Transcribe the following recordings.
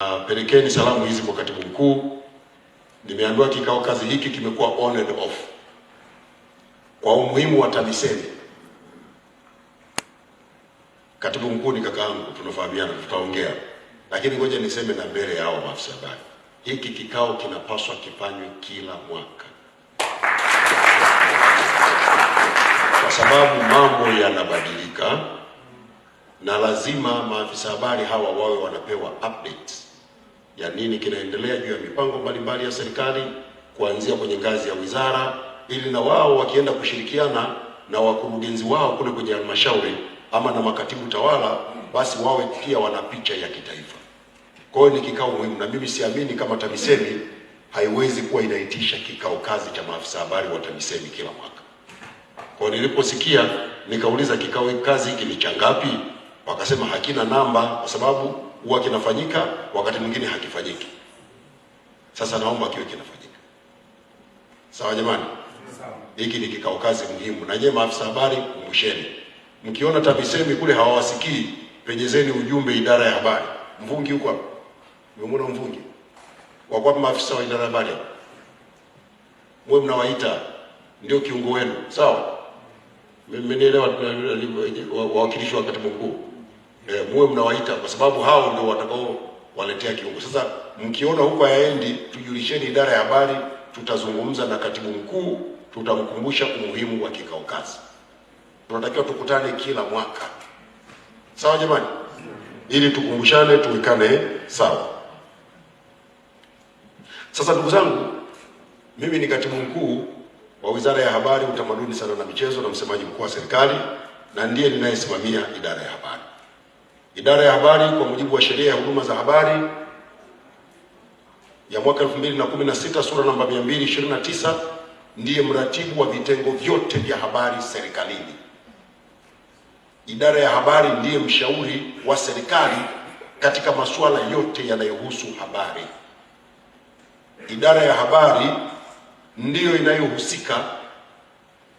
Uh, pelekeni salamu hizi kwa katibu mkuu. Nimeambiwa kikao kazi hiki kimekuwa on and off kwa umuhimu wa TAMISEMI. Katibu mkuu ni kakaangu, tunafahamiana, tutaongea, lakini ngoja niseme na mbele ya hao maafisa habari, hiki kikao kinapaswa kifanywe kila mwaka kwa sababu mambo yanabadilika na lazima maafisa habari hawa wawe wanapewa updates nini kinaendelea juu ya mipango mbalimbali ya serikali kuanzia kwenye ngazi ya wizara, ili na wao wakienda kushirikiana na wakurugenzi wao kule kwenye halmashauri ama na makatibu tawala, basi wawe pia wana picha ya kitaifa. Kwa hiyo ni kikao muhimu, na mimi siamini kama TAMISEMI haiwezi kuwa inaitisha kikao kazi cha maafisa habari wa TAMISEMI kila mwaka. Kwa hiyo niliposikia nikauliza kikao kazi hiki ni cha ngapi, wakasema hakina namba kwa sababu huwa kinafanyika, wakati mwingine hakifanyiki. Sasa naomba kiwe kinafanyika. Sawa jamani, hiki ni kikao kazi muhimu, na nyie maafisa habari kumbusheni, mkiona TAMISEMI kule hawawasikii, penyezeni ujumbe idara ya habari. Mvungi huko hapo umemwona Mvungi wakwa maafisa wa idara ya habari, mwe mnawaita ndio kiungo wenu, sawa? Mmenielewa, wawakilishi wa katibu mkuu e, muwe mnawaita kwa sababu hao ndio watakao waletea kiongozi. Sasa mkiona huko hayaendi, tujulisheni idara ya habari, tutazungumza na katibu mkuu, tutamkumbusha umuhimu wa kikao kazi. Tunatakiwa tukutane kila mwaka, sawa jamani, ili tukumbushane, tuwekane sawa. Sasa ndugu zangu, mimi ni katibu mkuu wa Wizara ya Habari, Utamaduni, Sanaa na Michezo na msemaji mkuu wa serikali na ndiye ninayesimamia idara ya habari. Idara ya habari kwa mujibu wa sheria ya huduma za habari ya mwaka 2016 sura namba 229 ndiye mratibu wa vitengo vyote vya habari serikalini. Idara ya habari ndiye mshauri wa serikali katika masuala yote yanayohusu habari. Idara ya habari ndiyo inayohusika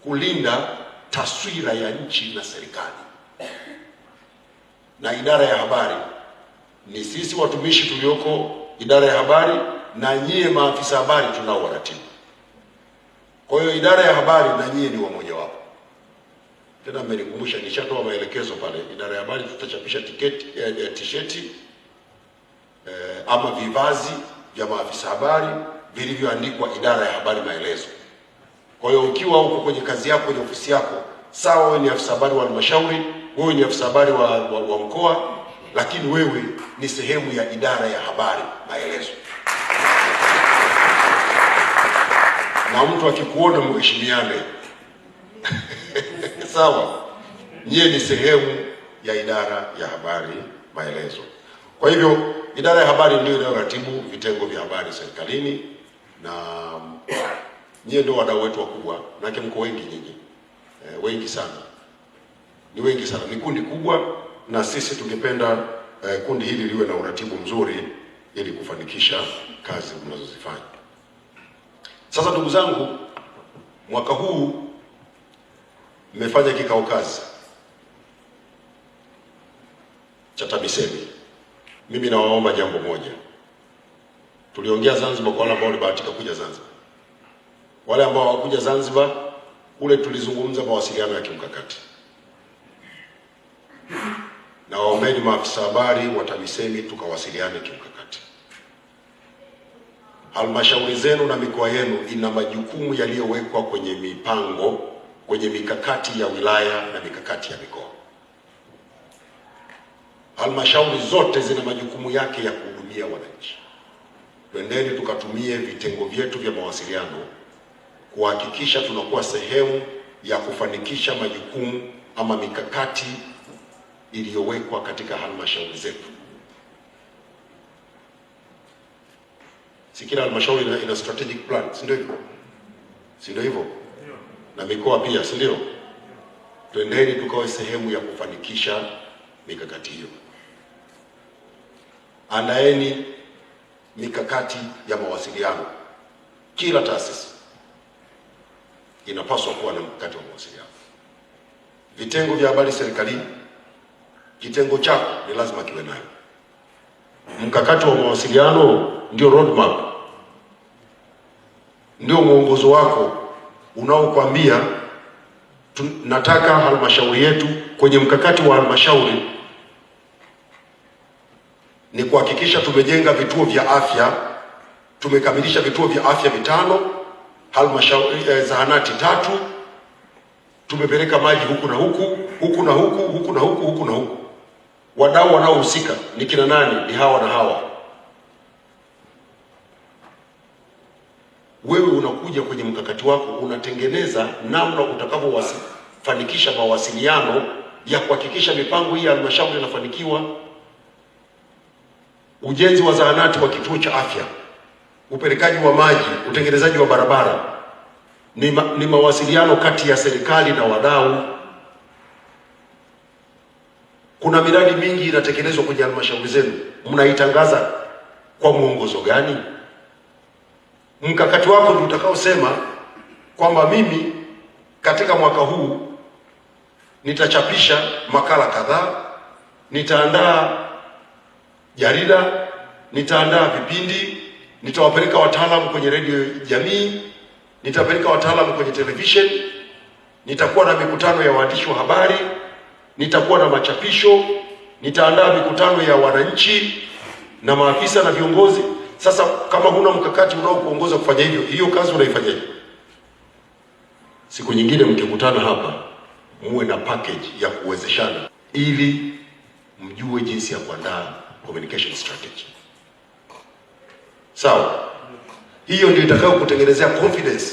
kulinda taswira ya nchi na serikali na idara ya habari. Ni sisi watumishi tulioko idara ya habari na nyie maafisa habari tunaoratibu. Kwa hiyo idara ya habari na nyie ni wamoja wapo. Tena mmenikumbusha, nishatoa maelekezo pale idara ya habari, tutachapisha tiketi eh, eh tisheti eh, ama vivazi vya maafisa habari vilivyoandikwa idara ya habari maelezo. Kwa hiyo ukiwa huko kwenye kazi yako, kwenye ofisi yako, sawa, wewe ni afisa habari wa halmashauri wewe ni afisa habari wa, wa, wa mkoa, lakini wewe ni sehemu ya idara ya habari maelezo, na mtu akikuona mheshimiane sawa. Nyie ni sehemu ya idara ya habari maelezo. Kwa hivyo idara ya habari ndio inayoratibu vitengo vya habari serikalini na nyie ndio wadau wetu wakubwa, manake mko wengi nyinyi, e, wengi sana ni wengi sana, ni kundi kubwa, na sisi tungependa eh, kundi hili liwe na uratibu mzuri ili kufanikisha kazi mnazozifanya. Sasa ndugu zangu, mwaka huu mmefanya kikao kazi cha TAMISEMI. Mimi nawaomba jambo moja, tuliongea Zanzibar kwa wale ambao walibahatika kuja Zanzibar, wale ambao hawakuja Zanzibar, kule tulizungumza mawasiliano ya kimkakati na waombeni maafisa habari wa TAMISEMI tukawasiliane kimkakati. Halmashauri zenu na mikoa yenu ina majukumu yaliyowekwa kwenye mipango, kwenye mikakati ya wilaya na mikakati ya mikoa. Halmashauri zote zina majukumu yake ya kuhudumia wananchi. Twendeni tukatumie vitengo vyetu vya mawasiliano kuhakikisha tunakuwa sehemu ya kufanikisha majukumu ama mikakati iliyowekwa katika halmashauri zetu. Si kila halmashauri ina, ina strategic plan, si ndio hivyo? Si ndio hivyo? Na mikoa pia, si ndio? Twendeni tukawe sehemu ya kufanikisha mikakati hiyo. Andaeni mikakati ya mawasiliano. Kila taasisi inapaswa kuwa na mkakati wa mawasiliano. Vitengo vya habari serikalini kitengo chako ni lazima kiwe nayo. Mkakati wa mawasiliano ndio roadmap, ndio mwongozo wako unaokwambia nataka halmashauri yetu. Kwenye mkakati wa halmashauri ni kuhakikisha tumejenga vituo vya afya, tumekamilisha vituo vya afya vitano, halmashauri eh, zahanati tatu, tumepeleka maji huku na huku huku na huku huku na huku huku na huku wadau wanaohusika ni kina nani? Ni hawa na hawa. Wewe unakuja kwenye mkakati wako unatengeneza namna utakavyofanikisha mawasiliano ya kuhakikisha mipango hii ya halmashauri inafanikiwa. Ujenzi wa zahanati wa kituo cha afya, upelekaji wa maji, utengenezaji wa barabara ni, ma, ni mawasiliano kati ya serikali na wadau. Kuna miradi mingi inatekelezwa kwenye halmashauri zenu, mnaitangaza kwa mwongozo gani? Mkakati wako ndio utakaosema kwamba mimi katika mwaka huu nitachapisha makala kadhaa, nitaandaa jarida, nitaandaa vipindi, nitawapeleka wataalamu kwenye redio jamii, nitapeleka wataalamu kwenye television, nitakuwa na mikutano ya waandishi wa habari nitakuwa na machapisho, nitaandaa mikutano ya wananchi na maafisa na viongozi. Sasa kama huna mkakati unaokuongoza kufanya hivyo, hiyo kazi unaifanyaje? Siku nyingine mkikutana hapa, muwe na package ya kuwezeshana ili mjue jinsi ya kuandaa communication strategy. Sawa, hiyo ndio itakayo kutengenezea confidence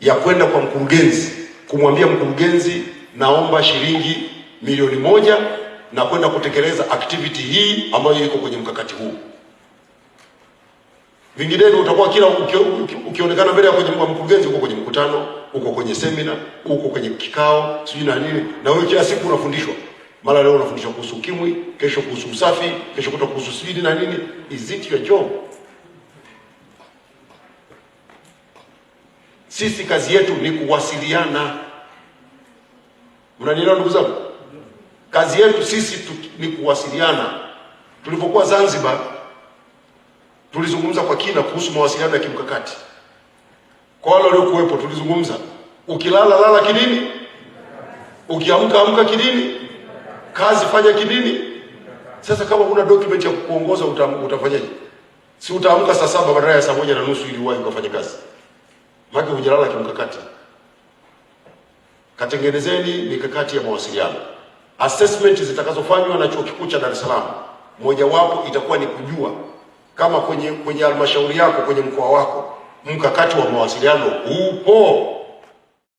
ya kwenda kwa mkurugenzi kumwambia mkurugenzi, naomba shilingi milioni moja na kwenda kutekeleza activity hii ambayo iko kwenye mkakati huu. Vinginevyo utakuwa kila ukionekana mbele ya kwenye mkurugenzi, uko kwenye mkutano, uko kwenye semina, uko kwenye kikao, sijui na nini, na wewe kila siku unafundishwa. Mara leo unafundishwa kuhusu ukimwi, kesho kuhusu usafi, kesho kuta kuhusu sijui na nini. Is it your job? Sisi kazi yetu ni kuwasiliana. Mnanielewa ndugu zangu? Kazi yetu sisi tu, ni kuwasiliana. Tulipokuwa Zanzibar tulizungumza kwa kina kuhusu mawasiliano ya kimkakati kwa wale waliokuwepo, tulizungumza ukilala lala kidini, ukiamka amka kidini, kazi fanya kidini. Sasa kama kuna document ya kukuongoza utafanyaje? Si utaamka saa saba badala ya saa moja na nusu ili uwahi ukafanya kazi, maana hujalala kimkakati. Katengenezeni mikakati ya mawasiliano assessment zitakazofanywa na chuo kikuu cha Dar es Salaam, mojawapo itakuwa ni kujua kama kwenye kwenye halmashauri yako, kwenye mkoa wako mkakati wa mawasiliano upo.